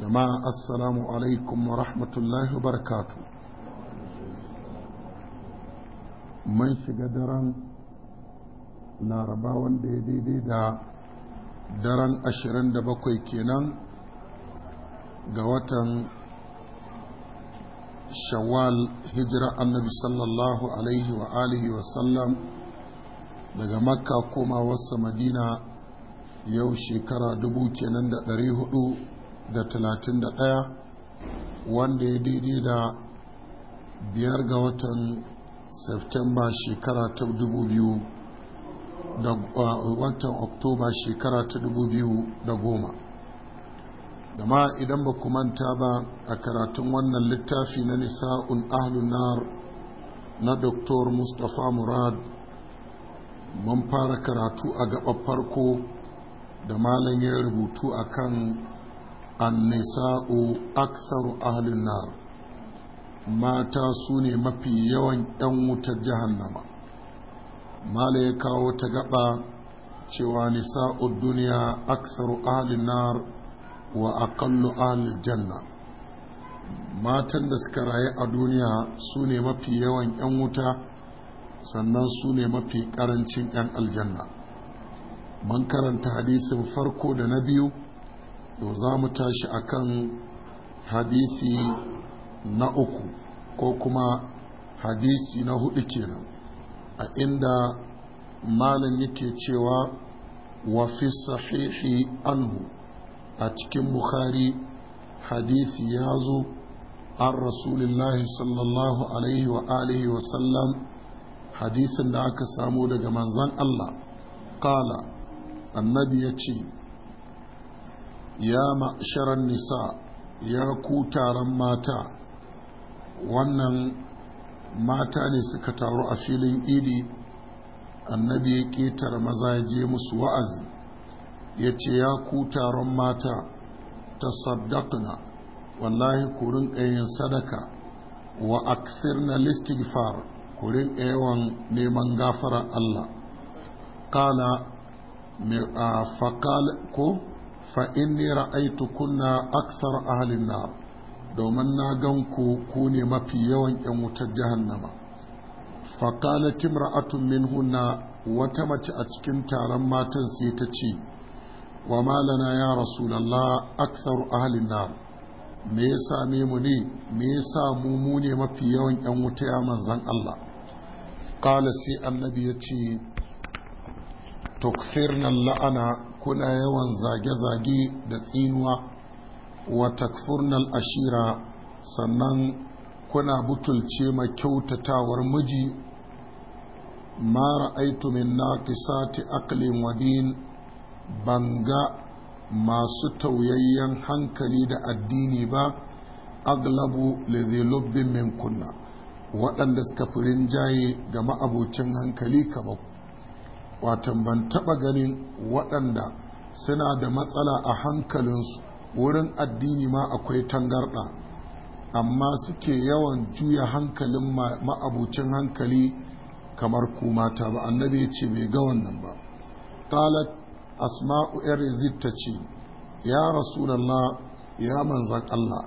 jama'a assalamu alaikum wa rahmatullahi wa barakatu mun shiga daren laraba wanda ya daidai da daren 27 kenan ga watan shawwal hijira annabi sallallahu alaihi wa alihi wa sallam daga makka koma wasa madina yau shekara dubu kenan da ɗari hudu da talatin da ɗaya wanda ya daidai da biyar ga watan septemba shekara ta dubu biyu da watan oktoba shekara ta dubu biyu da goma dama idan ba ku manta ba a karatun wannan littafi na nisa'un nar na Dr. mustapha murad mun fara karatu a gaba farko da malam ya rubutu akan annisa'u aktharu ahlin nar mata su ne mafi yawan 'yan wutar jahannama mala ya kawo ta gaba cewa nisa'ud duniya aksar ahlin nar wa aqallu ahlil janna matan da suka rayu a duniya su ne mafi yawan 'yan wuta sannan su ne mafi karancin 'yan aljanna man karanta hadisin farko da na biyu to za mu tashi kan hadisi na uku ko kuma hadisi na hudu kenan a inda malam yake cewa wa fi sahihi anhu a cikin bukhari hadisi ya zo an Rasulillahi sallallahu alaihi wa alihi wa sallam hadisin da aka samu daga manzan Allah kala annabi ya ce ya ma'asharar nisa ya ku taron mata wannan mata ne suka taru a filin idi annabi ya ƙetare maza ya je musu wa'azi ya ce ya ku taron mata ta sadakuna wallahi ku yin sadaka wa aksir na listigfar ku yawan neman gafara Allah kala ko fa inni ra'aitu kunna aksar ahalin nar domin na gan ku ku ne mafi yawan yan wutar jahannama fa qalat imra'atun minhunna wata mace a cikin taron matan sai ta ce wa malana ya rasulallah aksar ahalin nar me ya me mu ne me ya mu mu ne mafi yawan yan wuta ya manzan Allah qala sai annabi ya ce tukfirna la'ana kuna yawan zage-zage da tsinuwa wa takfurnal ashira sannan kuna butulce ma kyautatawar miji ma ra'aitu min naqisati aqlin wa din banga masu tauyayyen hankali da addini ba aglabu lidhilubbin min kunna waɗanda suka fi rinjaye ga ma'abocin hankali kamar watan ban taɓa ganin waɗanda suna da matsala a hankalinsu wurin addini ma akwai tangarɗa amma suke yawan juya hankalin ma'abucin hankali kamar ku mata ba annabi ya ce bai ga wannan ba talat asma'u yar ta ce ya rasulallah ya manzan Allah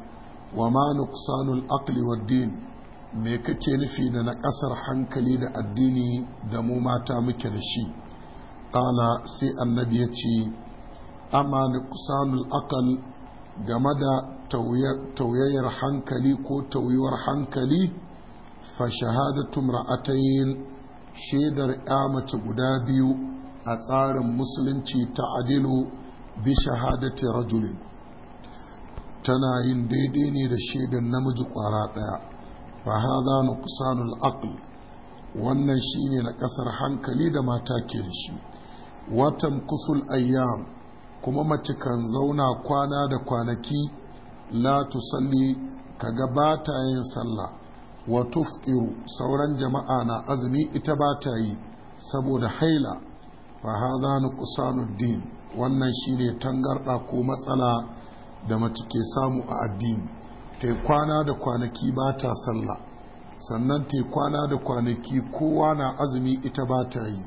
wa ma nuqsanul aqli wad din me kake nufi da na ƙasar hankali da addini da mu mata muke da shi Bana sai annabi ya ce amma kusanul aqal game da tauyayyar hankali ko tauyuwar hankali fa shahadatu ra'atayn shaidar ya mace guda biyu a tsarin musulunci ta adilu bi shahadati rajulin tana yin daidai ne da shaidar namiji kwara daya fa hadha nuqsanul aql wannan shine na kasar hankali da mata ke da shi watan kusul ayyam kuma mace kan zauna kwana da kwanaki la tusalli kaga ba ta yin sallah wa tuftiru sauran jama'a na azumi ita ba ta yi saboda haila fa hadha nuqsanuddin wannan shine tangarda ko matsala da mace ke samu a addini ta kwana da kwanaki ba ta sallah sannan ta kwana da kwanaki kowa na azumi ita ba ta yi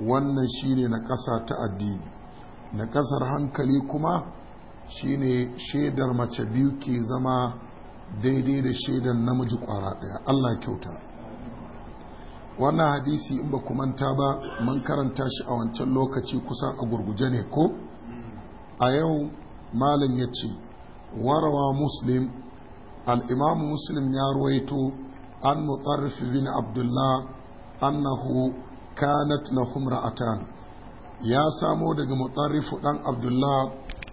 wannan shine na ƙasa ta addini na ƙasar hankali kuma shine shaidar mace biyu ke zama daidai da shaidar namiji ƙwara ɗaya allah kyauta wannan hadisi in ba manta ba mun karanta shi a wancan lokaci kusan a gurguje ne ko a yau malam ya ce warawa muslim al'imamu muslim ya ruwaito an mutsarfi bin abdullah annahu kanat lahum ra'atan ya samo daga mutarrifu dan abdullah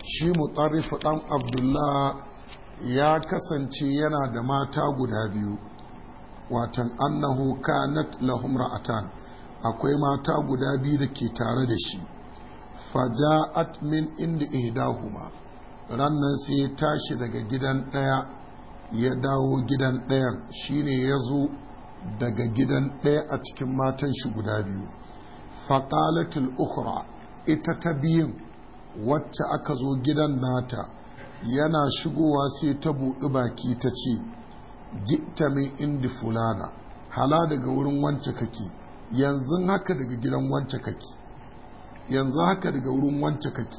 shi mutarrifu dan abdullah ya kasance yana da mata guda biyu watan annahu kanat lahum ra'atan akwai mata guda biyu da ke tare da shi faja'at min inda ihdahuma rannan sai ya tashi daga gidan ɗaya ya dawo gidan ɗayan shine ya zo daga gidan ɗaya a cikin matan shi guda biyu faƙalatul ukhra ita ta biyun wacce aka zo gidan nata yana shigowa sai ta buɗi baki ta ce jita min indi fulana hala daga wurin wance kake yanzu haka daga gidan wance kake yanzu haka daga wurin wance kake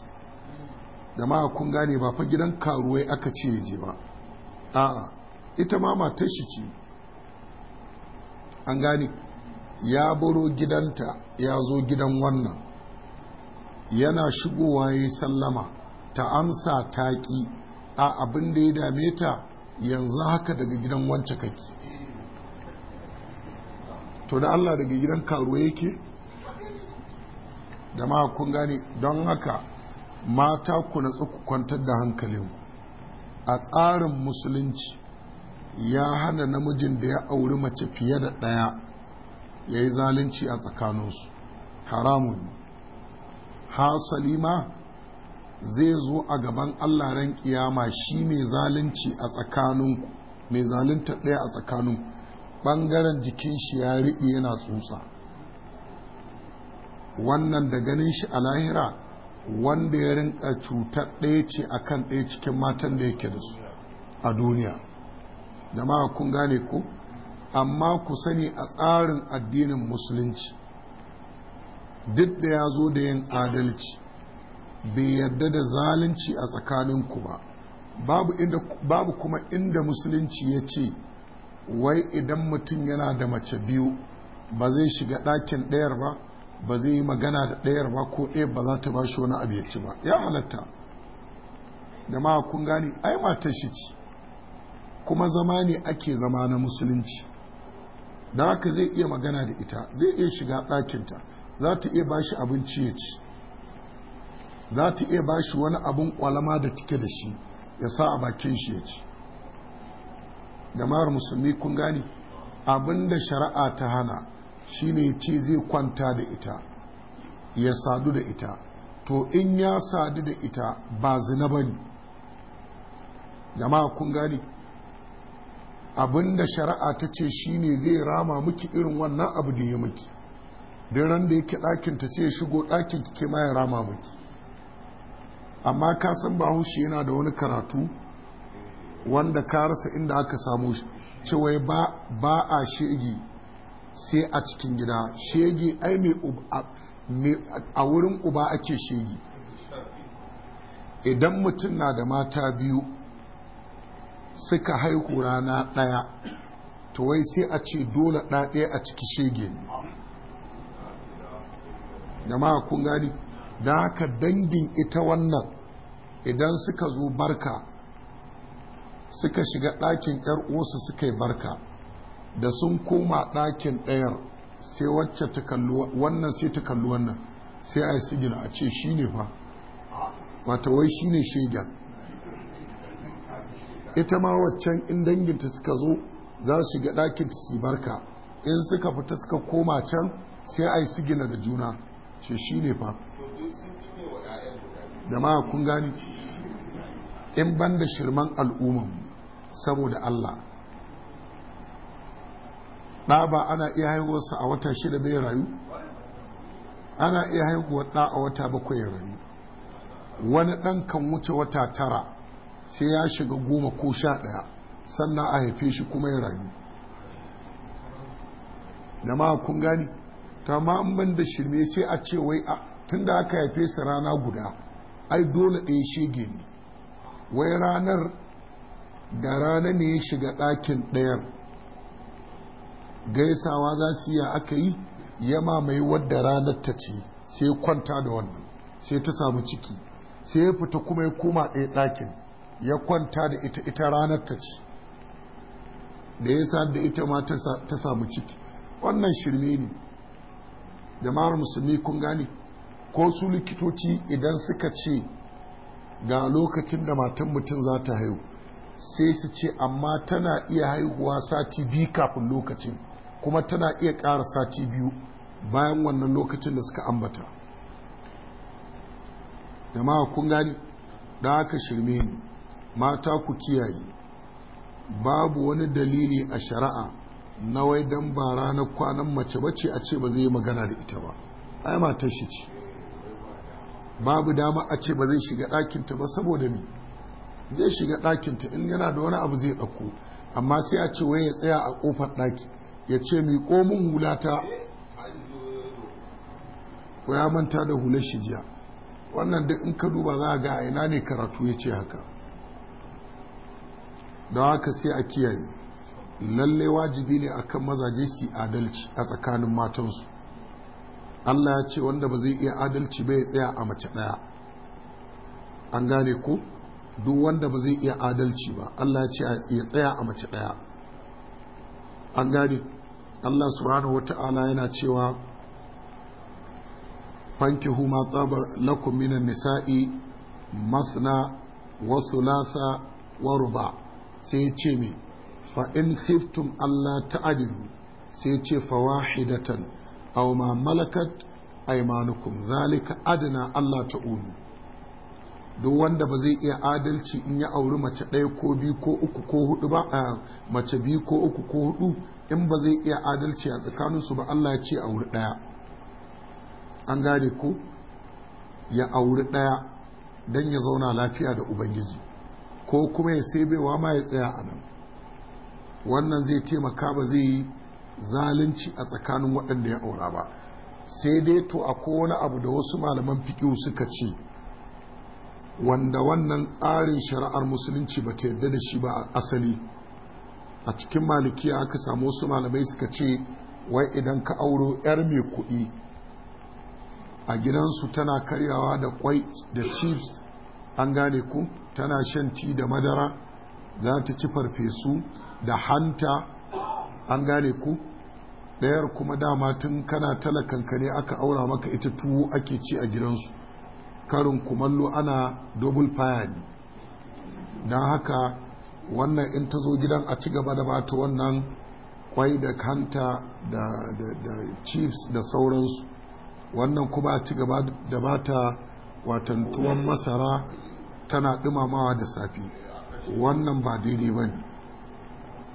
jama'a kun gane ba fa gidan karuwai aka ce je ba a'a ita ma matar shi ce an gane ya baro gidanta ya zo gidan wannan yana shigowa ya sallama ta amsa ta ƙi a abin da ya dame ta yanzu haka daga gidan wance kake to da Allah daga gidan karuwa yake ma kun gane don haka mata ku na ku kwantar da hankalinku a tsarin musulunci ya hana namijin da ya auri mace fiye da ɗaya ya yi zalunci a tsakaninsu haramun hasali ma zai zo a gaban allah ran kiyama shi mai zalunci a tsakaninku mai zalunta ɗaya a tsakanin Bangaren jikin shi ya riɓe yana tsutsa wannan da ganin shi a lahira wanda ya rinka cutar ɗaya ce a kan ɗaya cikin matan da yake da su a duniya jama'a kun gane ko amma ku sani a tsarin addinin musulunci duk da ya zo da yin adalci bai yarda da zalunci a tsakaninku ba babu, inda, babu kuma inda musulunci ya ce wai idan mutum yana da mace biyu ba zai shiga ɗakin ɗayar ba ba zai yi magana da ɗayar ba ko ɗaya ba za ta ba shi wani abu ya ci ba ya halatta da ma kun gani ai matar ci kuma zama ne ake zama na musulunci da haka zai iya magana da ita zai iya shiga ɗakinta za ta iya bashi abinci ya ci za ta iya bashi wani abin kwalama da take da shi ya sa a bakin shi ya ci jama'ar musulmi kun gani abin da shari'a ta hana shine ce zai kwanta da ita ya sadu da ita to in ya sadu da ita ba zina ba ne jama'a kun gani Abin da shari'a ta ce shine zai rama miki irin wannan abu da ya miki don ran da yake ta sai ya shigo ɗakin kike ma ya rama miki amma ka san ba bahaushe yana da wani karatu wanda ka rasa inda aka samu shi cewa ba a shege sai a cikin gida shege ai a wurin uba ake shege idan mutum na da mata biyu suka haihu rana ɗaya to wai sai a ce dole ɗaɗe a ciki shege jama'a kun gani da haka dangin ita wannan idan suka zo barka suka shiga ɗakin uwarsu suka yi barka da sun koma ɗakin ɗayar sai wacce ta kallo wannan sai ta kalli wannan sai a yi sigina a ce shi ne fa wata wai shi ne shegen ita ma waccan in danginta suka zo za su shiga ɗakin su barka in suka fita suka koma can sai a yi sigina da juna shi shi ne fa ma kun gani in ban da shirman al'umman saboda Allah ɗa ba ana iya haihuwarsa a wata shida bai rayu ana iya haihuwar ɗa a wata bakwai rayu wani ɗan kan wuce wata tara sai ya shiga goma ko sha ɗaya sannan a haife shi kuma ya rayu ma kun gani ma an ban da shirme sai a ce wai tun da aka haife sa rana guda ai dole ɗaya shege ne wai ranar da rana ne ya shiga ɗakin ɗayar gaisawa za su yi aka yi yama mai wadda ranar ta ce sai kwanta da wannan sai ta samu ciki sai ya fita kuma ya koma ɗaya ɗakin ya kwanta da ita ita ranar ta ci da ya sa da ita ma ta samu ciki wannan shirme ne jama'ar musulmi kun gane ko su likitoci idan suka ce ga lokacin da matan mutum za ta haihu sai su ce amma tana iya haihuwa sati biyu kafin lokacin kuma tana iya ƙara sati biyu bayan wannan lokacin da suka ambata jama'a kun gani da haka shirme ne mata ku kiyaye babu wani dalili a shari'a na wai dan ba ranar kwanan mace bace a ce ba zai yi magana da ita ba ai matar shi ce babu dama a ce ba zai shiga ɗakinta ba saboda me zai shiga ɗakinta in yana da wani abu zai ɗauko amma sai a ce wai ya tsaya a ƙofar ɗaki ya ce mi komin hulata ko ya manta da hular shi jiya wannan duk in ka duba za a ga a ina ne karatu ya ce haka don haka sai a kiyaye lalle wajibi ne akan mazaje su adalci a tsakanin matansu Allah ya ce wanda ba zai iya adalci bai tsaya a mace ɗaya an gane ko duk wanda ba zai iya adalci ba Allah ya ce ya tsaya a mace ɗaya an gane Allah subhanahu wata'ala yana cewa fankihu ma tsaba lakum minan nisa'i masna wa thulatha wa ruba' sai ya ce mai fa'in hiftum Allah ta'adilu sai ya ce fawahidatan aw ma malakat aimanukum zalika adana Allah ulu duk wanda ba zai iya adalci in ya auri mace ɗaya ko biyu ko uku ko hudu ba a mace biyu ko uku ko hudu in ba zai iya adalci a tsakaninsu ba Allah ya ce auri ɗaya an gane ko ya auri ɗaya don ya zauna lafiya da ubangiji ko kuma ya sai baiwa ma ya tsaya a nan wannan zai taimaka ba zai yi zalunci a tsakanin waɗanda ya aura ba sai dai to a wani abu da wasu malaman fiƙiyu suka ce wanda wannan tsarin shari'ar musulunci ba ta yarda da shi ba a asali a cikin malikiya aka samu wasu malamai suka ce wai idan ka auro 'yar mai kuɗi a gidansu tana karyawa da kwai da chiefs an gane ku tana shan ci da madara za ta ci farfesu da hanta an gane ku ɗayar kuma dama tun kana talakanka ne aka aura maka ita tuwo ake ci a gidansu karin kumallo ana double fire ne don haka wannan in ta zo gidan a ci gaba da ba ta wannan kwai da kanta da, chiefs da sauransu wannan kuma a ci gaba da ba ta watan tuwon masara tana dumamawa da safi wannan ba daidai ba ne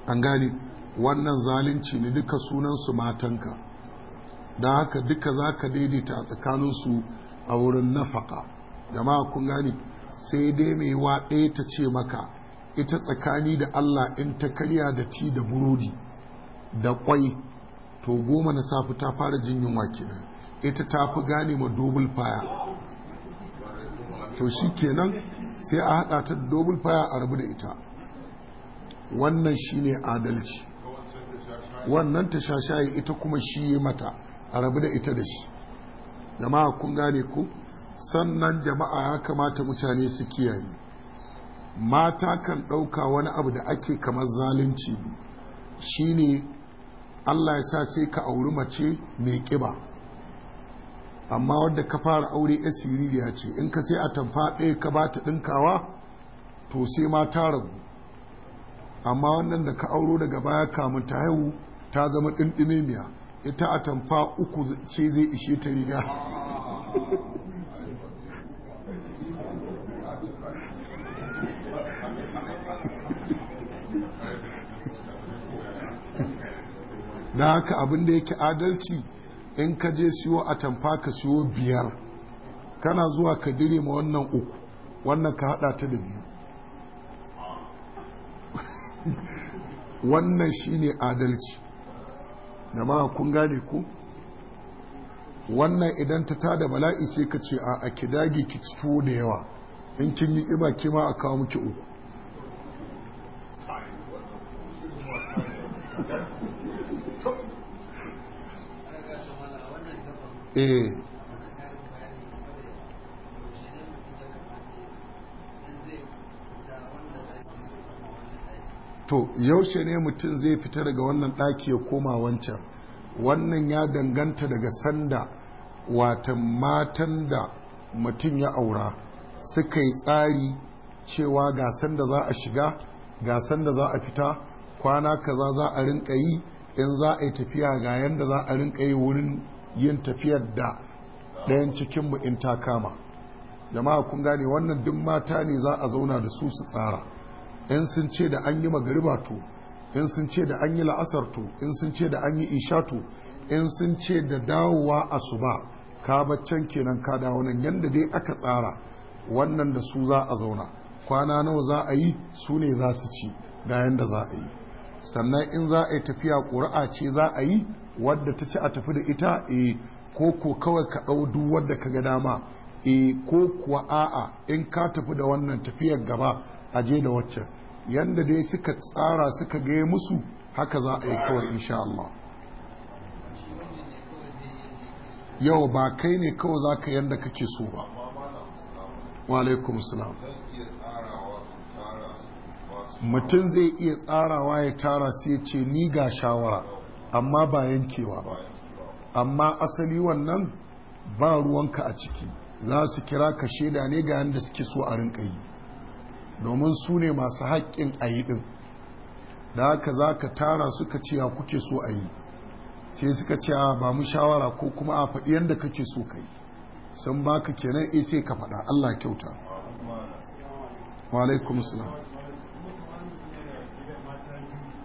an gane wannan zalunci ne duka sunansu matanka don haka duka za ka daidaita a tsakaninsu a wurin nafaka jama'a kun gane sai dai mai wa ɗaya ta ce maka ita tsakani da allah in ta karya da ti da burodi da kwai to goma na safi ta fara jin yunwa kenan ita ta fi gane ma dubul faya to shi kenan sai a haɗa ta domin faya a rabu da ita wannan shi ne adalci wannan ta shashaye ita kuma shi yi mata a rabu da ita da shi jama'a kun gane ku sannan jama'a ya kamata mutane su kiyaye mata kan ɗauka wani abu da ake kamar zalunci ne Allah ya sa sai ka auri mace mai ƙiba amma wadda ka fara aure ya siririya ce in ka sai a tamfa ɗaya ka ba ta ɗinkawa to sai ma ta ragu amma wannan da ka auro daga baya kamun ta haihu ta zama ɗinɗinemiya ita a tamfa uku ce zai ishe ta riga da haka abin da yake adalci in ka je siyo a tamfa ka siyo biyar kana zuwa ka dire ma wannan uku wannan ka hada ta da biyu wannan shine adalci jama'a kun gane ku wannan idan ta tada bala'i sai ka ce a ki dage ki tuwo da yawa in kin yi kiba kima a kawo muke uku eh to yaushe ne mutum zai fita daga wannan ɗaki ya koma wancan wannan ya danganta daga sanda watan matan da mutum ya aura suka yi tsari cewa ga sanda za a shiga ga sanda za a fita kwana kaza za a rinka yi in za a yi tafiya ga yadda za a rinka yi wurin yin tafiyar da ɗayan cikinmu in ta kama jama'a kun gane wannan duk mata ne za a zauna da su su tsara in sun ce da an yi magariba to in sun ce da an yi la'asar to in sun ce da an yi isha to in sun ce da dawowa a su ba, ka baccan kenan ka dawo nan yadda dai aka tsara wannan da su za a zauna kwana nawa za a yi su ne za su ci ga yadda za a yi sannan in za a yi tafiya ƙuri'a ce za a yi wadda ta ci a tafi da ita e ko ko kawai ka ɗau duk wadda ka ga dama e ko kuwa a'a in ka tafi da wannan tafiyar gaba a je da waccan yanda dai suka tsara suka gaya musu haka za a yi kawai insha Allah yau ba kai ne kawai za ka yanda kake so ba wa alaikum mutum zai iya tsarawa ya tara sai ce ni ga shawara amma ba yankewa ba amma asali wannan ba ruwanka a ciki za su kira ka shaida ne ga yadda suke so a rinka yi domin su ne masu haƙƙin a yi ɗin da haka za ka tara suka ce ya kuke so a yi sai suka ce ba mu shawara ko kuma a faɗi yadda kake so ka yi sun baka kenan eh, sai ka faɗa allah kyauta wa alaikum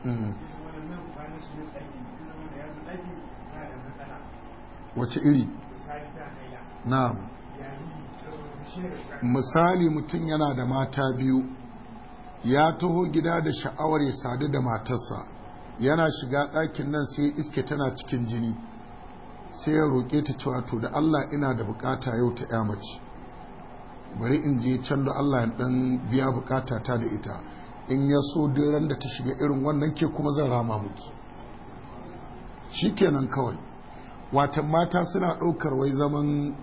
Mm. wace iri na misali mutum yana da mata biyu ya taho gida da sha'awar ya sadu da matarsa yana shiga ɗakin nan sai iske tana cikin jini sai ya roƙe ta cewa to da Allah ina da bukata yau ta ya mace bari in je can da Allah ya ɗan biya bukata ta da ita in ya so ran da ta shiga irin wannan ke kuma zan rama muke. shi kenan kawai watan mata suna ɗaukar wai zaman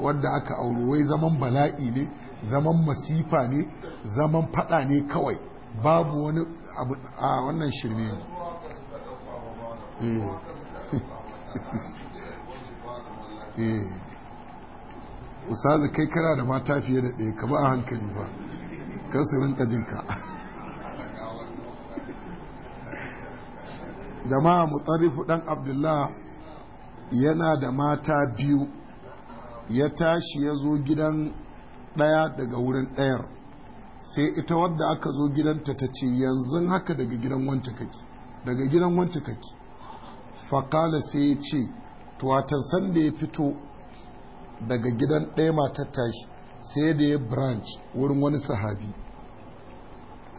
wadda eh, aka auri wai zaman bala'i ne zaman masifa ne zaman faɗa ne kawai babu wani abu a wannan shirme ne eh. eh. usazi kai kana da mata fiye da ɗaya ka ba a hankali ba kan su rinka jinka jama'a mutarifu dan abdullah yana da mata biyu ya tashi ya zo gidan ɗaya daga wurin ɗayar sai ita wadda aka zo gidanta ta ce yanzu haka daga gidan wancan kake daga gidan wancan kake faƙala sai ya ce tuwatan sanda ya fito daga gidan ɗaya matar tashi sai da ya branch wurin wani sahabi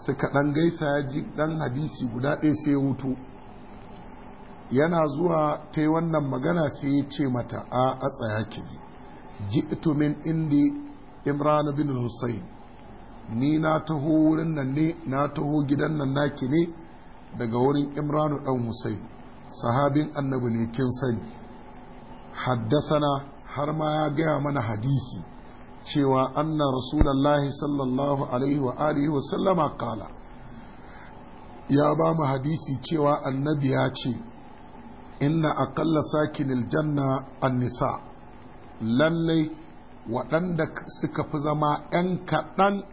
suka ɗan gaisa ya ji ɗan hadisi guda ɗaya sai ya wuto yana zuwa ta yi wannan magana sai ya ce mata a a tsaya ki ji ji min indi imran bin hussein ni na taho wurin nan ne na taho gidan nan naki ne daga wurin imranu ɗan hussein sahabin annabi ne kin sani na har ma ya gaya mana hadisi cewa anna Rasulallah sallallahu alaihi wa alihi wa sallama kala ya ba mu hadisi cewa annabi ya ce inna aqalla sakinil janna an-nisa lallai waɗanda suka fi zama 'yan kaɗan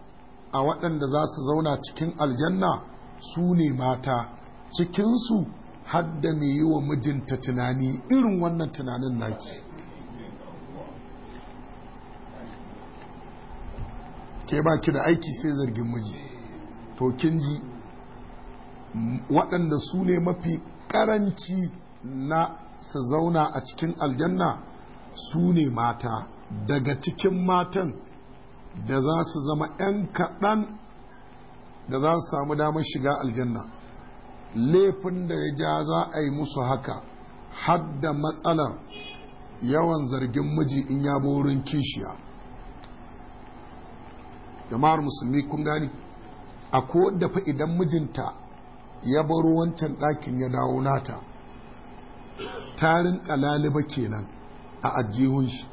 a waɗanda za su zauna cikin aljanna su ne mata cikinsu hadda mai yi wa mijinta tunani irin wannan tunanin naki ke ba ki da aiki sai zargin miji to kin ji waɗanda su ne mafi ƙaranci na su zauna a cikin aljanna su ne mata daga cikin matan da za su zama 'yan kaɗan da za su samu damar shiga aljanna laifin da ya ja za a yi musu haka hadda matsalar yawan zargin miji in ya wurin kishiya jama'ar musulmi kun gani a da fa idan mijinta ya bar wancan ɗakin ya dawo nata tarin ƙalaliba kenan a ajihun shi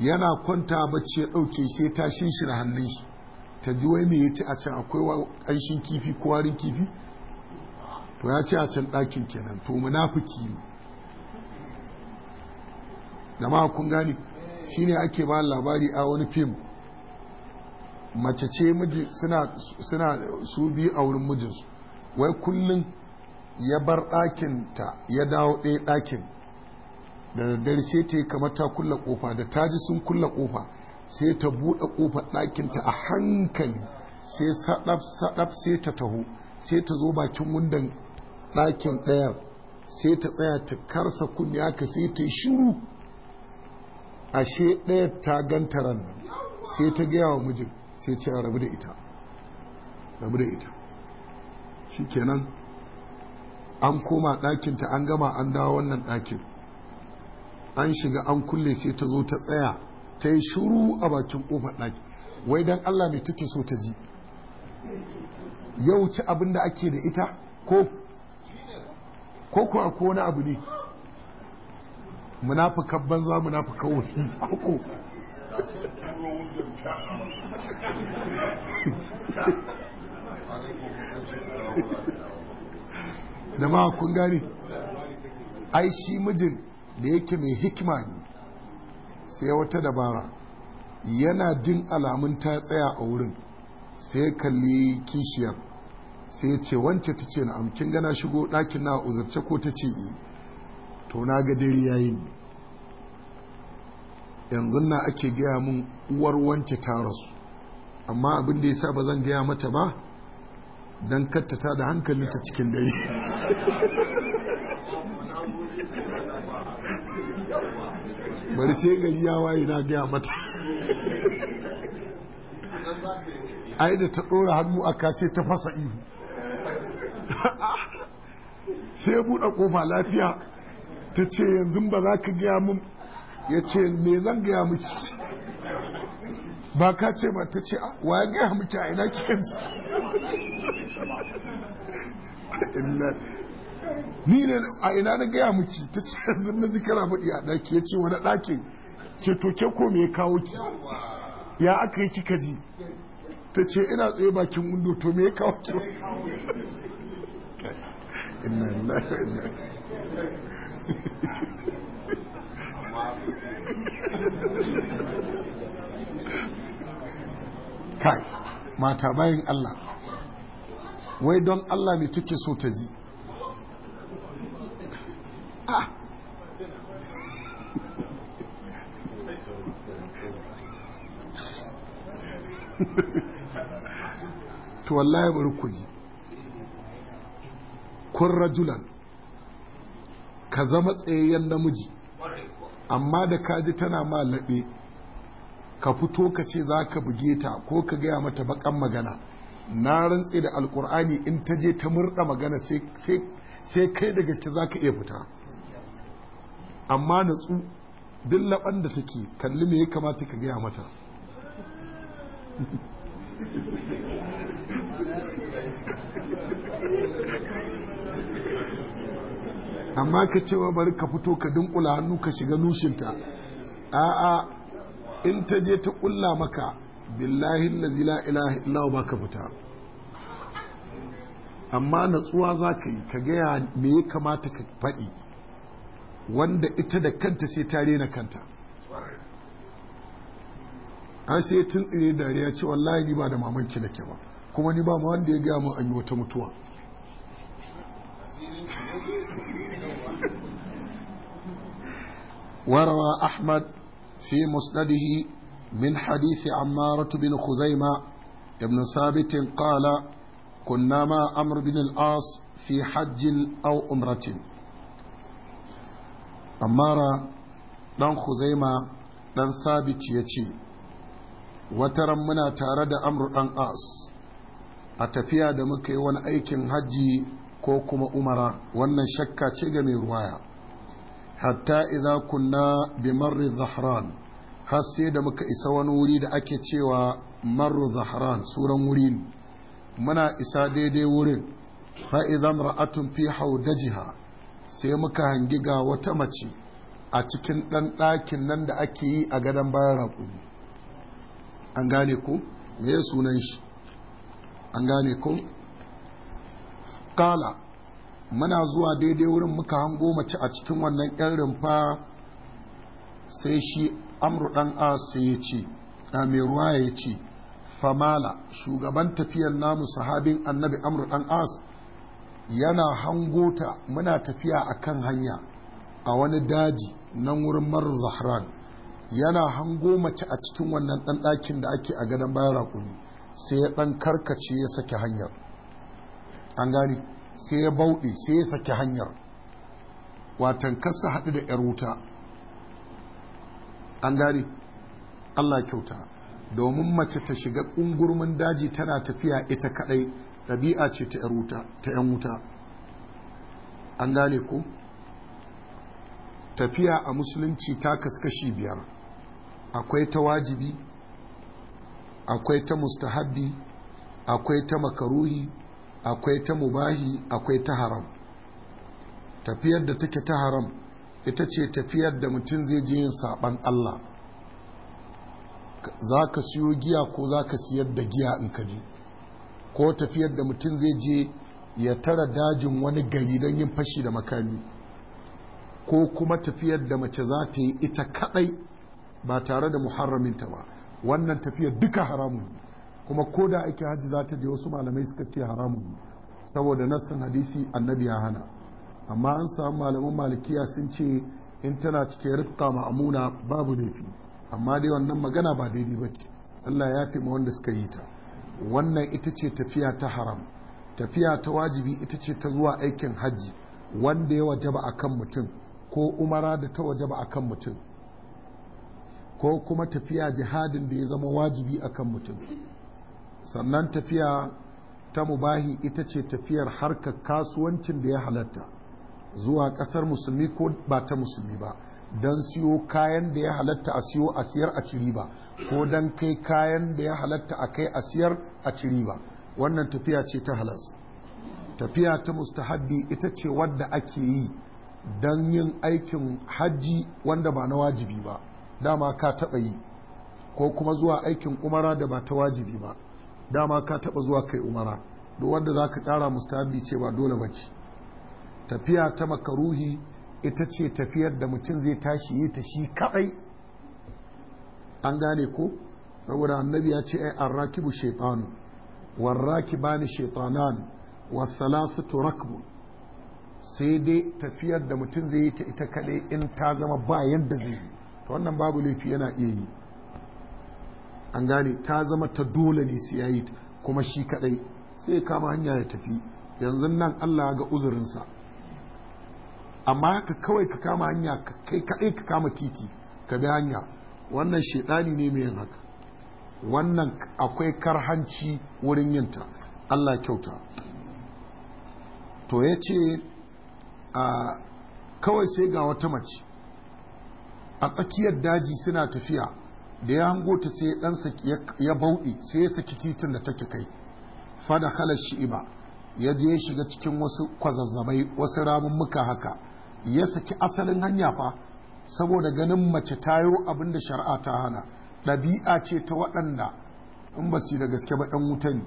yana kwanta bacci ya ɗauke shi ta tashin shi na hannun shi ta ji wai me ya ce a can akwai ƙanshin kifi ko warin kifi to ya ce a can ɗakin kenan to munafiki ne jama'a kun gane shine ake ba labari a wani fim mace ce miji suna su biyu a wurin mijinsu wai kullum ya bar ɗakin ta ya dawo ɗaya ɗakin da daddare sai ta yi kamar ta kulla kofa da ta ji sun kulla ƙofa, sai ta buɗe kofar ɗakin ta a hankali sai saɗaf sai ta taho sai ta zo bakin wundan ɗakin ɗayar sai ta tsaya ta karsa kunya ka sai ta yi shiru ashe ɗaya ta gantaran sai ta gaya wa mijin sai ce a rabu da ita rabu da ita shi kenan an koma ɗakinta an gama an dawo wannan ɗakin an shiga an kulle sai ta zo ta tsaya ta yi shuru a bakin ƙofar ɗaki wai don allah mai take so ta ji yau ci abin da ake da ita ko ko kuwa ko wani abu ne munafukan banza munafukan wani ko da ma kun gane ai shi mijin da yake mai hikima ne sai wata dabara yana jin alamun ta tsaya a wurin sai ya kalli kishiyar sai ce wance ta ce na amkin gana shigo ɗakin na uzarce ko ta ce eh? to na ga dare yayin yanzu na ake gaya mun uwar wance ta rasu amma abin da ya sa ba zan gaya mata ba don kattata da hankali ta cikin dare bari sai gari ya waye na gaya mata ai da ta ɗora hannu a kashe ta fasa ihu sai buɗe ƙofa lafiya ta ce yanzu ba za ka gaya mun ya ce me zan gaya miki ba ka ce ba ta ce ah, wa ya gaya miki a ina kiyan ni ne a ina na gaya miki ta ce yanzu na ji kana faɗi a ɗaki ya ce wani dakin? ce to ke ko me ya kawo ki ya aka yi kika ji ta ce ina tsaye bakin undo to me ya kawo ki inna lillahi wa inna kai mata bayan Allah wai don Allah ne take so ta ji ah to wallahi bari ku ji kun rajulan ka zama tsayayyen namiji amma da kaji tana ma laɓe ka fito ka ce za ka buge ta ko ka gaya mata baƙan magana na rantse da alkur'ani in ta je ta murɗa magana sai kai da gaske za ka iya fita amma natsu duk laɓan da take kalli me ya kamata ka gaya mata amma ka cewa bari ka fito ka dunkula hannu ka shiga nushinta a'a in ta je ta kulla maka billahi lazi la ilaha ba ka fita amma natsuwa za ka yi ka gaya me ya kamata ka faɗi wanda ita da kanta sai ta rena kanta an sai tun tsire dariya ce wallahi ni ba da mamanki nake ba kuma ni ba ma wanda ya gaya mu an yi wata mutuwa وروى أحمد في مسنده من حديث عمارة بن خزيمة ابن ثابت قال كنا مع أمر بن العاص في حج أو أمرة عمارة دان خزيمة دان ثابت يتي wataran muna tare da amru ɗan as a tafiya da muka yi wani aikin hajji ko kuma umara wannan shakka ce ga mai ruwaya hatta idza kunna bi marri zahran har sai da muka isa wani wuri da ake cewa marru zahran suran wuri muna isa daidai wurin fa idza ra'atun fi haudajiha sai muka hangi ga wata mace a cikin ɗan ɗakin nan da ake yi a gadon bayan raƙumi an gane ku me sunan shi an gane ku kala muna zuwa daidai wurin muka hango mace a cikin wannan yan rumfa sai shi amru dan sai ya ce a mai ruwa ya ce famala shugaban tafiyar namu sahabin annabi amru dan as yana hangota muna tafiya a kan hanya a wani daji nan wurin marar zahran yana hango mace a cikin wannan ɗan ɗakin da ake a gadon bayan raƙumi sai ya ɗan karkace ya sake hanyar an gani sai ya bauɗe sai ya saki hanyar watan kasa haɗu da ‘yar wuta an gane Allah kyauta domin mace ta shiga ƙungurmin daji tana tafiya ita kaɗai ɗabi'a ce ta ‘yan wuta ta ‘yan wuta an gane ku. tafiya a musulunci ta kaskashi biyar akwai ta wajibi akwai ta mustahabbi akwai ta makaruhi akwai ta mubahi akwai ta haram tafiyar da take ta haram ita ce tafiyar da mutum zai je yin saban Allah za ka siyo giya ko za ka siyar da giya in ka je ko tafiyar da mutum zai je ya tara dajin wani gari don yin fashi da makami ko kuma tafiyar da mace za ta yi ita kadai ba tare da muharraminta ba wannan tafiyar duka haramun kuma ko da ake hajji za ta je wasu malamai suka ce haramun saboda nassin hadisi annabi ya hana amma an samu malaman malikiya sun ce in tana cikin rifka ma'amuna babu laifi amma dai wannan magana ba daidai ba ce Allah ya fi wanda suka yi ta wannan ita ce tafiya ta haram tafiya ta wajibi ita ce ta zuwa aikin hajji wanda ya wajaba a kan mutum ko umara da ta wajaba a kan mutum ko kuma tafiya jihadin da ya zama wajibi a kan mutum sannan tafiya ta mubahi ita ce tafiyar harkar kasuwancin da ya halatta zuwa kasar musulmi ko ba ta musulmi ba don siyo kayan da ya halatta a siyo a siyar a ciri ba ko don kai kayan da ya halatta a kai a siyar a ciri ba wannan tafiya ce ta halas tafiya ta mustahabbi ita ce wadda ake yi don yin aikin hajji wanda ba na wajibi ba dama ka taɓa yi ko kuma zuwa aikin umara da ba ta wajibi ba dama ka taɓa zuwa kai umara duk wanda za ka ƙara mustabi ce ba dole bace tafiya ta makaruhi ita ce tafiyar da mutum zai tashi yi ta shi kaɗai an gane ko saboda annabi ya ce ai arrakibu shaitanu warrakibani shaitanan salasatu rakbu sai dai tafiyar da mutum zai yi ta ita kaɗai in ta zama ba yadda zai yi to wannan babu laifi yana iya yi an gane ta zama ta dole ne su yayi kuma shi kadai sai ya kama hanya ya tafi yanzu nan Allah ga uzurinsa amma haka kawai ka kama hanya kai kadai ka kama titi ka bi hanya wannan shedani ne mai yin haka wannan akwai karhanci wurin yinta Allah kyauta to ya ce kawai sai ga wata mace a tsakiyar daji suna tafiya da ya hango ta sai ɗansa ya bauɗi sai ya saki titin da take kai fada kalar shi'iba ya je shiga cikin wasu kwazazzabai wasu ramummuka haka ya saki asalin hanya fa saboda ganin mace tayo abin da shari'a ta hana ɗabi'a ce ta waɗanda in ba su da gaske ba ɗan wuta ne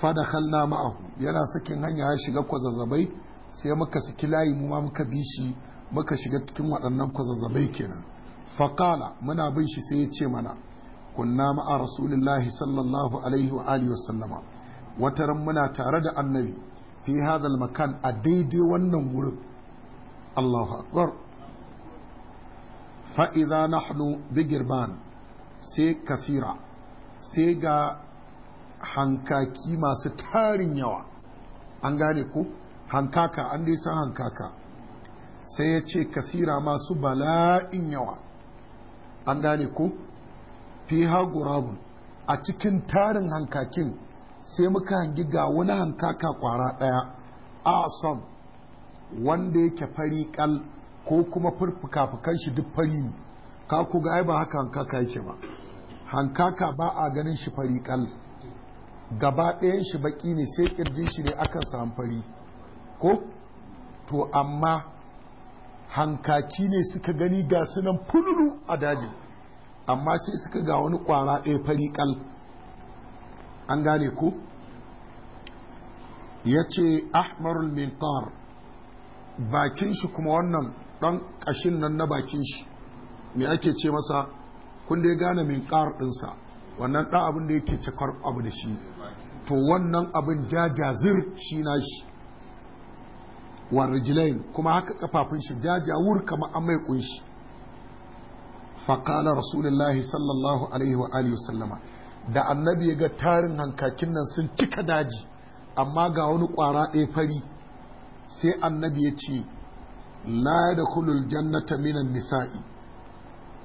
fada kalna ma'ahu yana sakin hanya ya shiga kwazazzabai sai muka saki layi mu ma muka bi shi muka shiga cikin waɗannan kwazazzabai kenan faƙala muna bin shi sai ya ce mana kunna ma'a rasulillahi sallallahu alaihi wa alihi wasallama wata ran muna tare da annabi fi hadal makan a daidai wannan wurin Allahu akbar fa idza nahnu bi sai kasira sai ga hankaki masu tarin yawa an gane ko hankaka an dai san hankaka sai ya ce kasira masu bala'in yawa an gane ko fiha gurabun a cikin tarin hankakin sai muka hangi ga wani hankaka kwara ɗaya asam wanda yake fari kal ko kuma furfuka shi duk fari ne ka ku ga ai ba haka hankaka yake ba hankaka ba a ganin shi fari kal gaba ɗayan shi baki ne sai kirjin shi ne akan samu fari ko to amma hankaki ne suka gani ga sunan fululu a daji, amma sai suka ga wani kwara ɗaya fari kal an gane ku? ya ce ahmarul mintar bakin shi kuma wannan ɗan ƙashin nan na bakin shi me ake ce masa kun ya gane minkar ɗinsa wannan ɗan abin da yake cikar abu da shi to wannan abin jajazir shi na shi wa rijlain kuma haka kafafun shi jajawur kamar an mai kunshi faƙalar rasulullahi sallallahu alaihi wa sallama da annabi ya ga tarin hankakin nan sun cika daji amma ga wani ƙwara ɗaya fari sai annabi ya ce la da kulul jannata minan nisa'i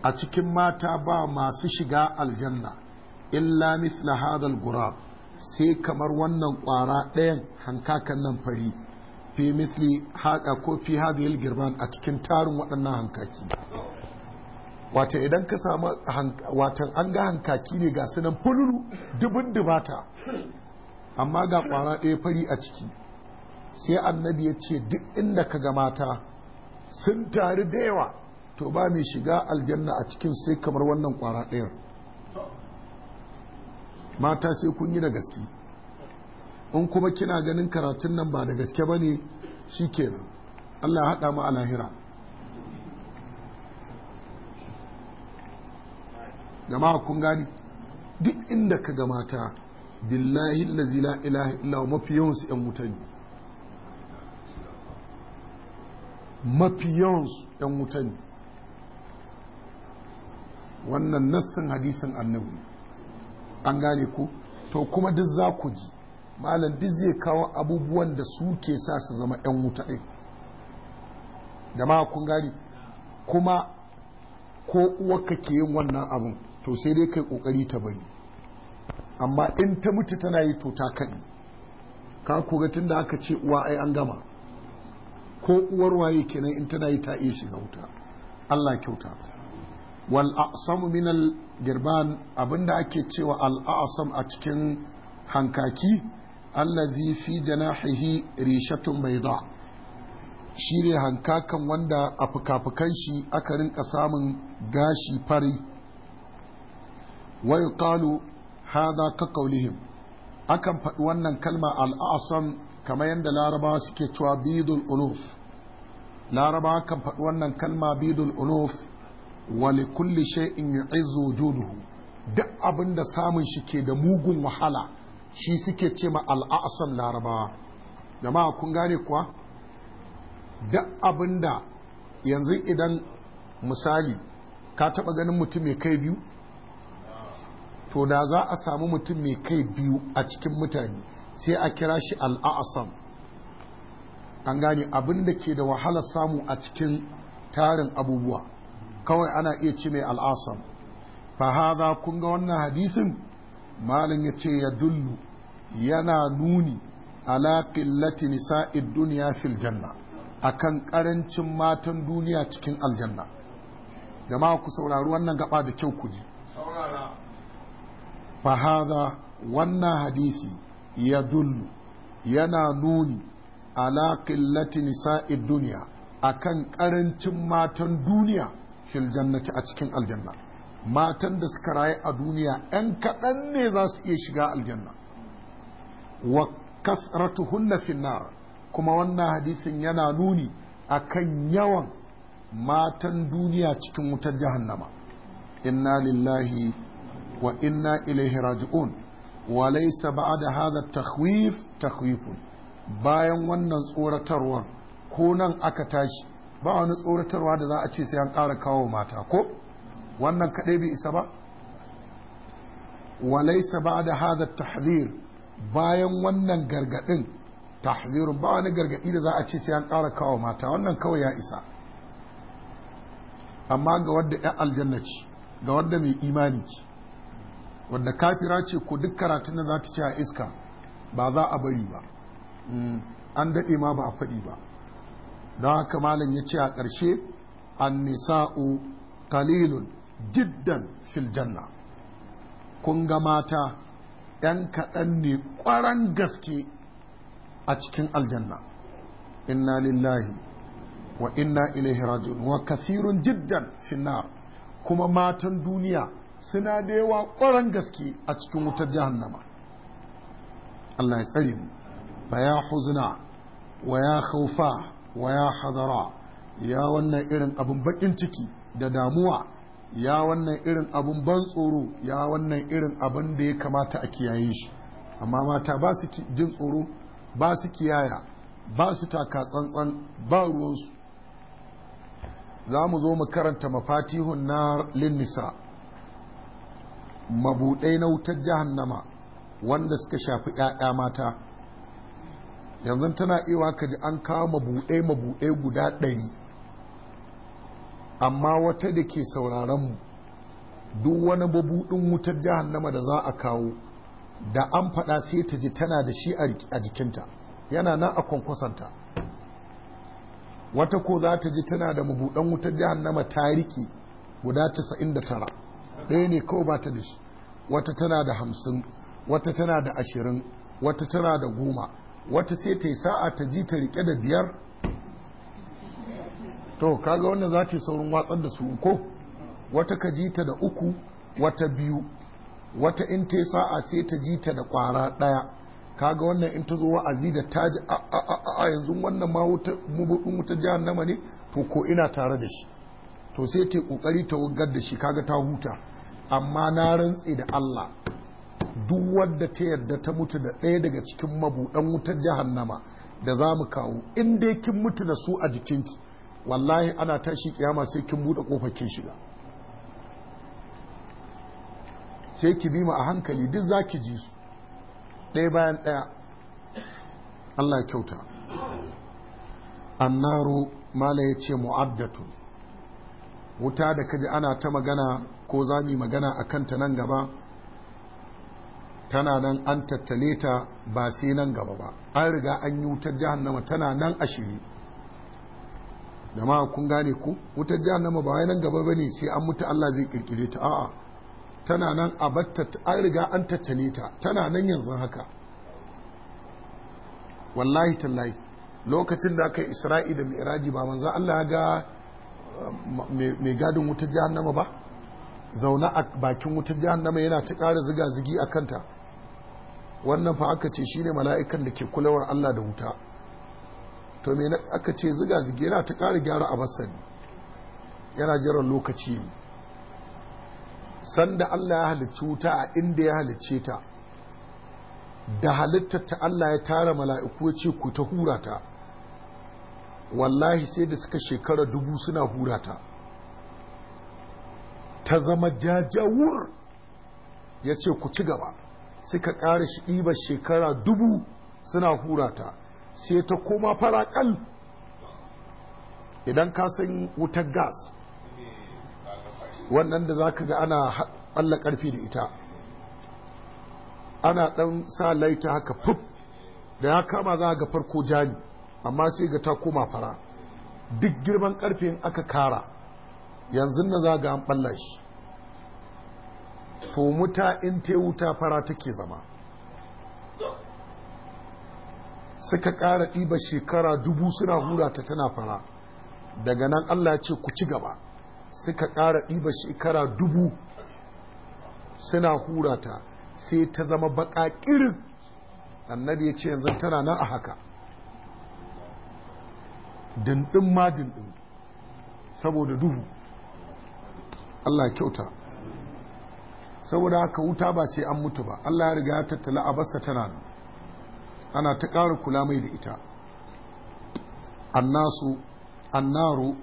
a cikin mata ba masu shiga aljanna illa mithla hadal gurab sai kamar wannan ƙwara ɗayan hankakan nan fari fi misli haka ko fi hadhihi girman a cikin tarin waɗannan hankaki wata idan ka samu watan an ga hankaki ne ga sunan fululu dubun dubata amma ga ƙwara ɗaya fari a ciki sai annabi ya ce duk inda ka ga mata sun taru da yawa to ba mai shiga aljanna a cikin sai kamar wannan ƙwara ɗayar mata sai kun yi na gaske in kuma kina ganin karatun nan ba da gaske ba ne shi kenan allah ya haɗa mu a lahira gama kun gani duk inda ka gamata, billahi lazi la ilaha illa mafi yawansu yan wuta ne mafi yawansu yan wuta ne wannan nassin hadisin annabi an gane ku to kuma duk za ku ji malam duk zai kawo abubuwan da su ke sa su zama 'yan wuta ɗin da ma kun gani kuma ko uwarka ke yin wannan abin to sai dai kai kokari ta bari amma in ta mutu tana yi to ta kaɗi ka koga tun da aka ce uwa ai an gama ko uwar waye kenan in tana yi ta iya shiga wuta Allah kyauta wal aqsam min al girban abinda ake cewa al a cikin hankaki allazi fi janahihi rishatun baida shi ne hankakan wanda a fuka shi aka rinka samun gashi fari wai kalu haza ka kaulihim akan faɗi wannan kalma al'asan kamar yadda laraba suke cewa bidul uluf. laraba kan faɗi wannan kalma bidul unuf wali kulli shay'in yu'izzu wujuduhu duk abinda samun shi ke da mugun wahala shi suke ce ma al'asan larabawa jama'a kun gane kuwa duk abinda yanzu idan misali ka taba ganin mutum mai kai biyu to da za a samu mutum mai kai biyu a cikin mutane sai a kira shi al'asam an gane abinda ke da wahala samu a cikin tarin abubuwa kawai ana iya ci mai al'asam fahaza kun ga wannan hadisin malin ya ce ya dullu yana nuni ala qillati nisa'id dunya fil janna akan karancin matan duniya cikin aljanna jama'a ku saurari wannan gaba da kyau ku ji fa wannan hadisi ya dullu yana nuni ala qillati nisa'id dunya akan karancin matan duniya fil jannati a cikin aljanna matan da suka rayu a duniya 'yan kaɗan ne za su iya shiga aljanna wa kasratuhunna finnar kuma wannan hadisin yana nuni akan yawan matan duniya cikin wutar jahannama inna lillahi wa inna ilaihi raji'un wa laysa ba'da hadha takhwif takhwifun bayan wannan tsoratarwar ko nan aka tashi ba wani tsoratarwa da za a ce sai an ƙara kawo mata ko wannan kaɗai bai isa ba wa laysa ba'da hadha tahdhir bayan wannan gargaɗin, tahzirun ba wani gargaɗi da za a ce sai an ƙara kawo mata wannan kawai ya isa amma ga wadda yan aljanna ga wadda mai imani ce wadda kafira ce ko duk karatun da za ta ce a iska ba za a bari ba mm. an daɗe ma ba a faɗi ba don haka malam ya ce a ƙarshe an nisa'u kalilun jiddan fil kun ga mata ‘yan kaɗan ne ƙwaran gaske a cikin aljanna inna lillahi wa inna ilaihi raji'un wa kasirun jiddan finnar kuma matan duniya suna da yawa ƙwaran gaske a cikin wutar jahannama Allah ya tsare mu ba ya huzna wa ya khaufa wa ya hadara ya wannan irin abin bakin ciki da damuwa ya wannan irin abun ban tsoro ya wannan irin abun da ya kamata a kiyaye shi amma mata ba su jin tsoro ba su kiyaya ba su taka tsantsan ba ruwansu za mu zo mu karanta mafatihun na linnisa mabuɗai na wutar jahannama wanda suka shafi 'ya'ya mata yanzu tana iwa ka ji an kawo mabuɗai mabuɗai guda ɗari amma wata da ke mu duk wani babuɗin wutar nama da za a kawo da an faɗa sai ta ji tana da shi a jikinta yana nan a kwankwasanta wata ko za ta ji tana da mabuɗan wutar jahannama ta riƙe guda 99 ɗaya ne kawai ba ta da shi wata tana da hamsin wata tana da ashirin wata tana da goma wata sai ta yi sa'a ta ji ta riƙe da biyar to kaga wannan za ta saurin watsar da su ko wata ka jita da uku wata biyu wata in ta sa'a sai ta jita da kwara ɗaya kaga wannan in ta zo wa'azi da ta ji a yanzu wannan ma mabudin wuta nama ne to ko ina tare da shi to sai ta yi kokari ta wuggar da shi kaga ta huta amma na rantse da Allah duk wadda ta yarda ta mutu da ɗaya daga cikin mabuɗan wutar jahannama da za mu kawo in dai kin mutu da su a jikinki wallahi ana tashi kiyama sai kin buɗe kofar kin shiga sai ki bi mu a hankali duk zaki ji su ɗaya bayan ɗaya Allah kyauta annaru mala ya ce mu'addatu wuta da kaji ana ta magana ko za magana a kanta nan gaba tana nan an tattale ta ba sai nan gaba ba an riga an yi wutar jahannama tana nan a jama'a kun gane ku wutar jahannama ba wai nan gaba bane sai an mutu Allah zai kirkire ta a'a tana nan a batta an riga an tattale ta tana nan yanzu haka wallahi tallahi lokacin da aka isra'i da mi'raji ba manzo Allah ya ga mai gadin wutar jahannama ba zauna a bakin wutar jahannama yana ta ƙara ziga zigi a kanta wannan fa aka ce shine mala'ikan da ke kulawar Allah da wuta to me na aka ce ziga zige yana ta ƙara gyara a basan yana jiran lokaci sanda Allah ya halicci wuta a inda ya halicce ta da halittar ta Allah ya tara mala'iku ya ce ku ta hura ta wallahi sai da suka shekara dubu suna hura ta ta zama jajawur ya ce ku ci gaba suka ƙara shi ɗiba shekara dubu suna hura ta sai ta koma faraƙal idan ka san wutar gas wannan da za ka ga ana alla ƙarfi da ita ana ɗan sa laita haka fuf da ya kama za ga farko jani amma sai ga ta koma fara duk girman ƙarfin aka kara yanzu na za ga an ɓalla shi to muta in te wuta fara take zama suka ƙara ɗiba shekara dubu suna hura ta tana fara daga nan allah ya ce ku ci gaba suka ƙara ɗiba shekara dubu suna hura ta sai ta zama baƙa ƙirin annabi ya ce yanzu tana nan a haka dindin ma dindin saboda duhu allah kyauta saboda haka wuta ba sai an mutu ba allah ya riga ya tattala a basa tana nan ana ta ƙara kula mai da ita annasu annaru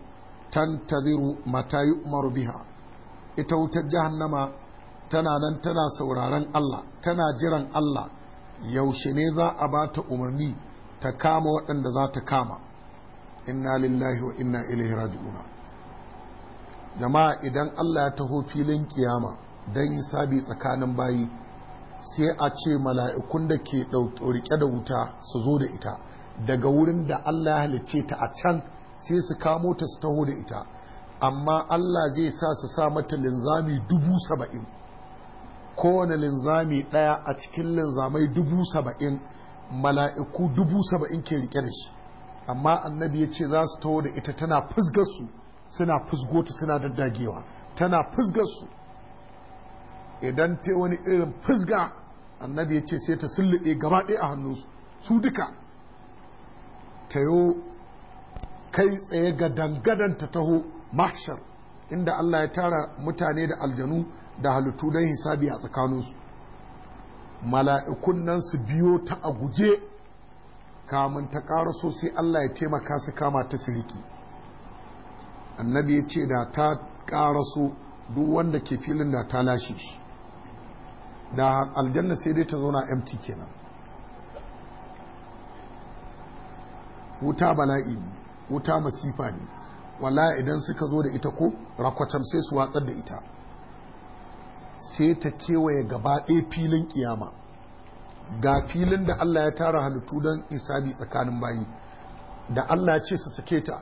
tantaziru mata umaru biha ita wutar jahannama tana nan tana sauraren Allah tana jiran Allah yaushe ne za a ba ta umarni ta kama waɗanda za ta kama inna lillahi wa inna ilaihi raji'una jama'a idan Allah ya taho filin kiyama don yi sabi tsakanin bayi sai a ce mala'ikun da ke riƙe da wuta su zo da ita daga wurin da Allah ya halicce ta a can sai su kamo ta su taho da ita amma Allah zai sa su sa mata linzami dubu saba'in kowane linzami ɗaya a cikin linzamai dubu saba'in mala'iku dubu saba'in ke riƙe da shi amma annabi ya ce za su taho da ita tana fusgarsu suna fusgota suna daddagewa tana fusgarsu idan ta wani irin fusga annabi ya ce sai ta sulluɗe gaba ɗaya a hannunsu su duka tayo kai tsaye ga dangadan ta taho mahshar inda Allah ya tara mutane da aljanu da halittu don hisabi a tsakaninsu mala'ikun nan su biyo ta a guje kamun ta ƙara so sai Allah ya taimaka su kama ta siriki annabi ya ce da ta ƙara so, duk wanda ke filin da ta lashe shi da aljanna sai dai ta zauna empty kenan wuta bala'i wuta masifa ne wala idan suka zo da ita ko rakwatam sai su watsar da ita sai ta kewaye gaba ɗaya filin kiyama ga filin da Allah ya tara halittu don isabi tsakanin bayi da Allah ya ce su sake ta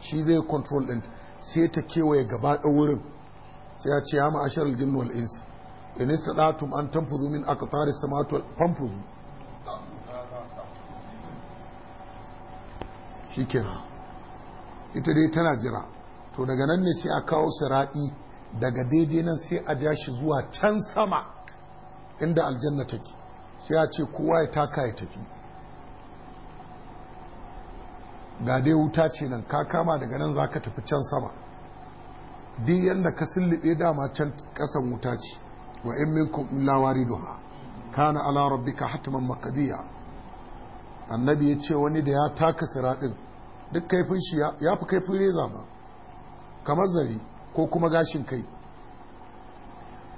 shi zai control ɗin sai ta kewaye gaba wurin, sai ya ce ya ma'ashar aljinnu wal'insu in istadatum an tanfuzu min aqtaris samawati fanfuzu shikenan ita dai tana jira to daga nan ne sai a kawo siradi daga daidai nan sai a ja shi zuwa can sama inda aljanna take sai a ce kowa ya taka ya tafi ga dai wuta ce nan ka kama daga nan za ka tafi can sama duk yadda ka sullube dama can kasan wuta ce وإن منكم إلا واردها كان على ربك حتما مقديا annabi ya ce wani da ya taka siraɗin duk kaifin shi ya fi kaifin reza ba kamar zari ko kuma gashin kai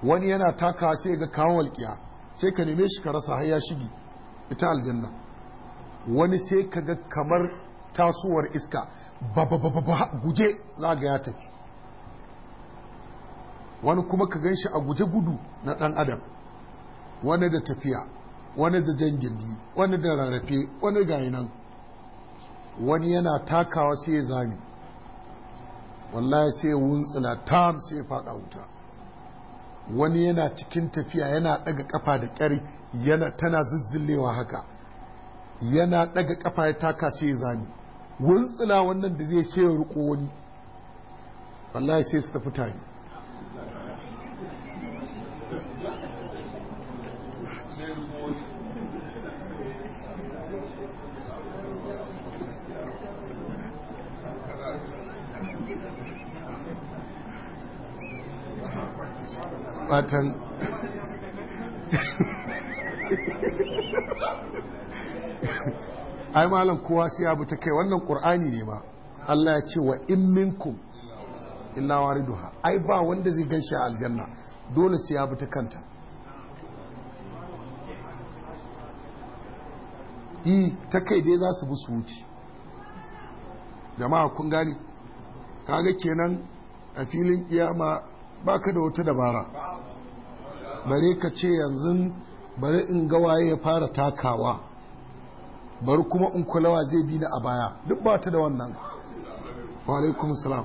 wani yana taka ya ga kawo walƙiya sai ka neme shi ka rasa har shigi ita aljanna wani sai ka ga kamar tasuwar iska ba ba ba ba guje za ga ya tafi wani kuma ka gan shi a guje gudu na ɗan adam wani da tafiya wani da jan gindi wani da rarrafe wani gayi nan wani yana takawa sai ya zami wallahi sai ya wuntsula tam sai ya faɗa wuta wani yana cikin tafiya yana ɗaga ƙafa da ƙyari, yana tana zizzillewa haka yana ɗaga ƙafa ya taka sai ya zami wuntsula wannan da zai sai ya riƙo wani wallahi sai su tafi tare fatan ai malam kowa sai abu ta kai wannan qur'ani ne ma Allah ya ce wa in minkum illa wariduha ai ba wanda zai ganshi a aljanna dole sai ya bi ta kanta yi ta kai dai za su bi su wuce jama'a kun gani kaga kenan a filin kiyama ba ka da wata dabara bare ka ce yanzu bari in ga waye ya fara takawa bari kuma in kulawa zai bi ni a baya duk ba ta da wannan wa alaikum salam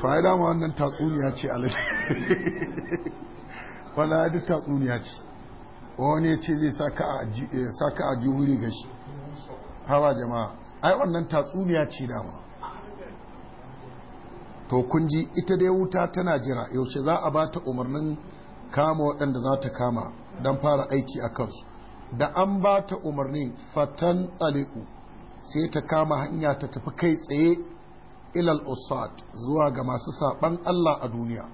to ai dama wannan tatsuniya ce alai wala duk tatsuniya ce wani ya ce zai saka a juhuri eh, gashi hawa jama'a ai wannan tatsuniya ce dama to kun ji ita dai wuta tana jira yaushe za a ba ta umarnin kama waɗanda za ta kama don fara aiki a kansu da an ba ta umarnin fatan ɗaliku sai ta kama hanya ta tafi kai tsaye ilal usad zuwa ga masu saɓan Allah a duniya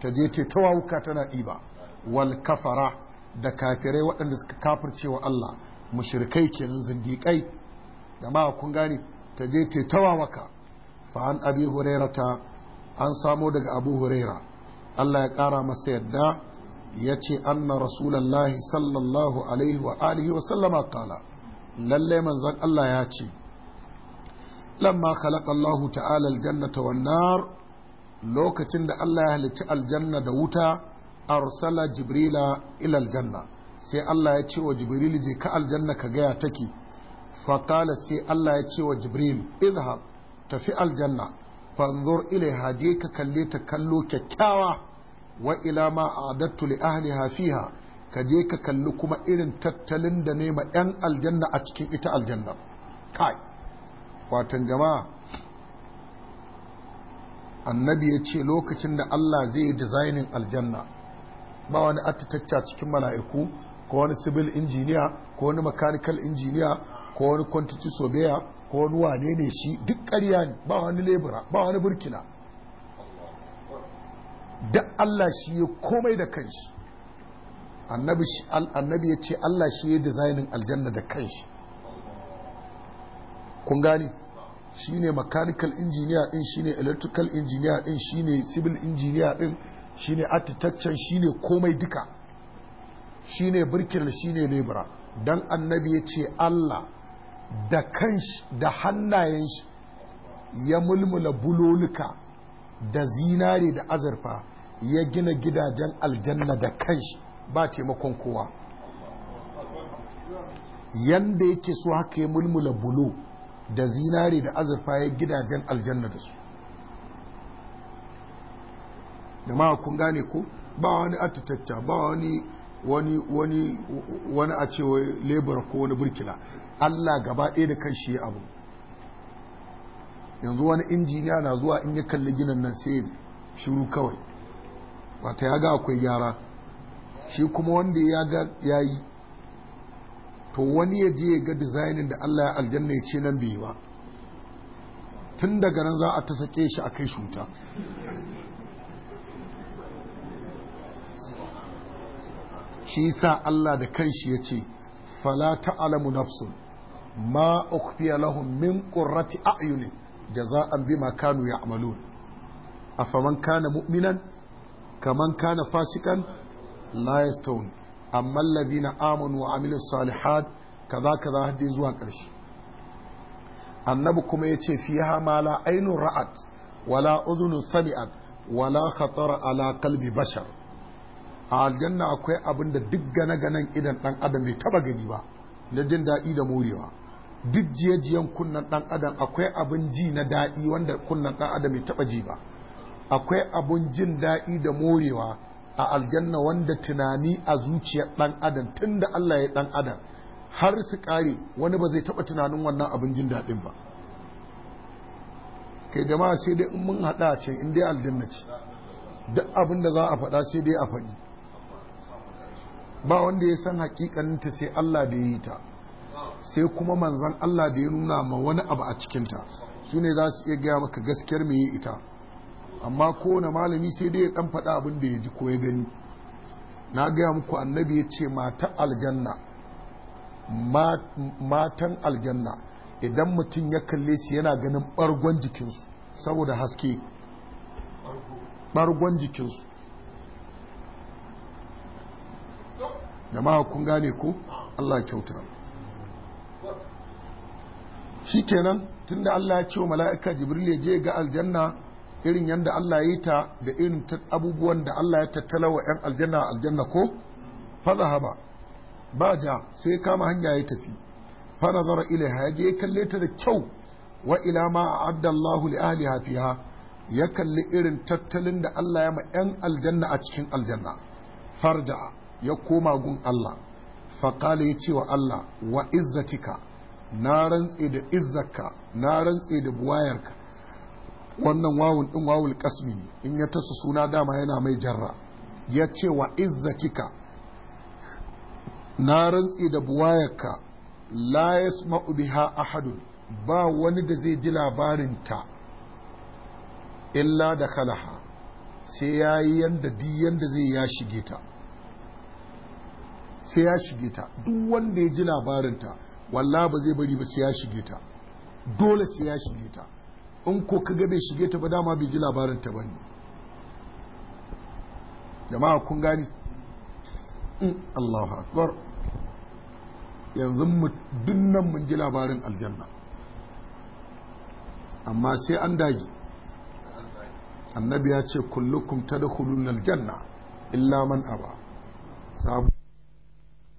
ta je ce wuka tana ɗiba wal kafara da kafirai waɗanda suka kafirce wa Allah mushrikai kenan zindiƙai da ma kun gane ta je ta fa an abi hurairata an samo daga abu huraira allah ya ƙara masa yadda ya ce anna rasulallahi sallallahu alaihi wa alihi wa sallama kala lalle manzan allah ya ce lamma khalaqa allahu ta'ala aljannata wan nar lokacin da allah ya halicci aljanna da wuta arsala jibrila ila aljanna sai allah ya ce wa jibril je ka aljanna ka gaya take faƙala sai allah ya ce wa jibril izhab tafi aljanna Fanzor ilaiha je ka kalli ta kallo kyakkyawa wa ila ma adattu li ahliha ka je ka kalli kuma irin tattalin da nema yan aljanna a cikin ita aljanna kai watan jama'a annabi ya ce lokacin da Allah zai yi designing aljanna ba wani attitacca cikin mala'iku ko wani civil engineer ko wani mechanical engineer ko wani quantity surveyor ko wani wane ne shi duk ƙarya ne ba wani lebura ba wani burkina da Allah shi ya komai da kanshi annabi ya ce Allah shi ya dizainin aljanna da kanshi kun gane shi ne mechanical engineer din shi ne electrical engineer din shi ne civil engineer din shi ne architecture shi ne komai duka shi ne burkina shi ne lebura don annabi ya ce Allah da kanshi da hannayen shi ya mulmula bulolika da zinare da azurfa ya gina gidajen aljanna da kanshi ba taimakon kowa yanda yake so haka ya mulmula bulo da zinare da azurfa ya gidajen aljanna da su jama'a kun gane ko ba wani atitacca ba wani wani wani a cewa lebura ko wani burkila Allah gaba ɗaya da kan shi abu yanzu wani injiniya na zuwa in ya kalli ginin nan sai shiru kawai wata ya yaga akwai gyara shi kuma wanda ya ga ya yi to wani ya je ya ga dizainin da Allah ya aljanna ya ce nan bai ba tun daga nan za a ta sake shi a kai shuta shi sa Allah da kanshi ya ce fala ta'alamu nafsun ma ukhfiya lahum min qurrati a'yuni jaza'an bima kanu ya'malun afaman kana mu'minan kaman kana fasikan la yastawun amma alladhina amanu wa amilus salihat kaza kaza haddi zuwa ƙarshe annabi kuma ya ce fiha ma la ainun ra'at wala udhunun sami'at wala khatar ala bashar a aljanna akwai abin da duk gane-ganen idan ɗan adam bai taɓa gani ba na jin daɗi da morewa duk jiyajiyan kunnan ɗan adam akwai abin ji na daɗi wanda kunnan ɗan adam bai taɓa ji ba akwai abin jin daɗi da morewa a aljanna wanda tunani a zuciyar ɗan adam tun da Allah ya ɗan adam har su kare wani ba zai taɓa tunanin wannan abin jin daɗin ba kai jama'a sai dai mun haɗa ce in dai aljanna ce duk abin da za a faɗa sai dai a faɗi ba wanda ya san ta sai Allah da ya yi ta sai kuma manzan Allah da ya nuna ma wani abu a cikinta su ne za su iya gaya maka gaskiyar mai ita amma kowane malami sai dai ya ɗan faɗa abin da ya ji ko ya gani na gaya muku annabi ya ce matan aljanna idan mutum ya kalle su yana ganin ɓargon jikinsu saboda haske ɓargon jikinsu jama'a kun gane ko Allah kyauta Shi tun tunda Allah ya ce wa mala'ika jibril ya je ga aljanna irin yadda Allah ya yi ta da irin abubuwan da Allah ya tattala wa 'yan aljanna a aljanna ko haba. ba ja sai kama hanya ya tafi fanazara ilaiha ya je ya kalle ta da kyau wa ila ma a addallahu li ahliha ha, ya kalli irin tattalin da Allah ya ma 'yan aljanna a cikin aljanna farja ya koma gun Allah faƙali ya ce wa Allah wa izzatika na rantse da izzaka na rantse da buwayarka wannan wawun ɗin wawul ƙasmi in ya tasa suna dama yana mai jarra ya ce wa izzatika na rantse da buwayarka la yasma'u biha ahadun ba wani da zai ji labarinta illa da kalaha sai ya yi yanda duk zai ya shige ta sai ya shige ta duk wanda ya ji labarinta walla ba zai bari ba sai ya shige ta dole sai ya shige ta in ko kaga bai shige ta ba dama bai ji labarinta ba ne jama'a kun gani mm, Allahu akbar yanzu dinnan mun ji labarin aljanna amma sai an dage annabi ya ce kullukum tadkhulun aljanna illa man aba sabu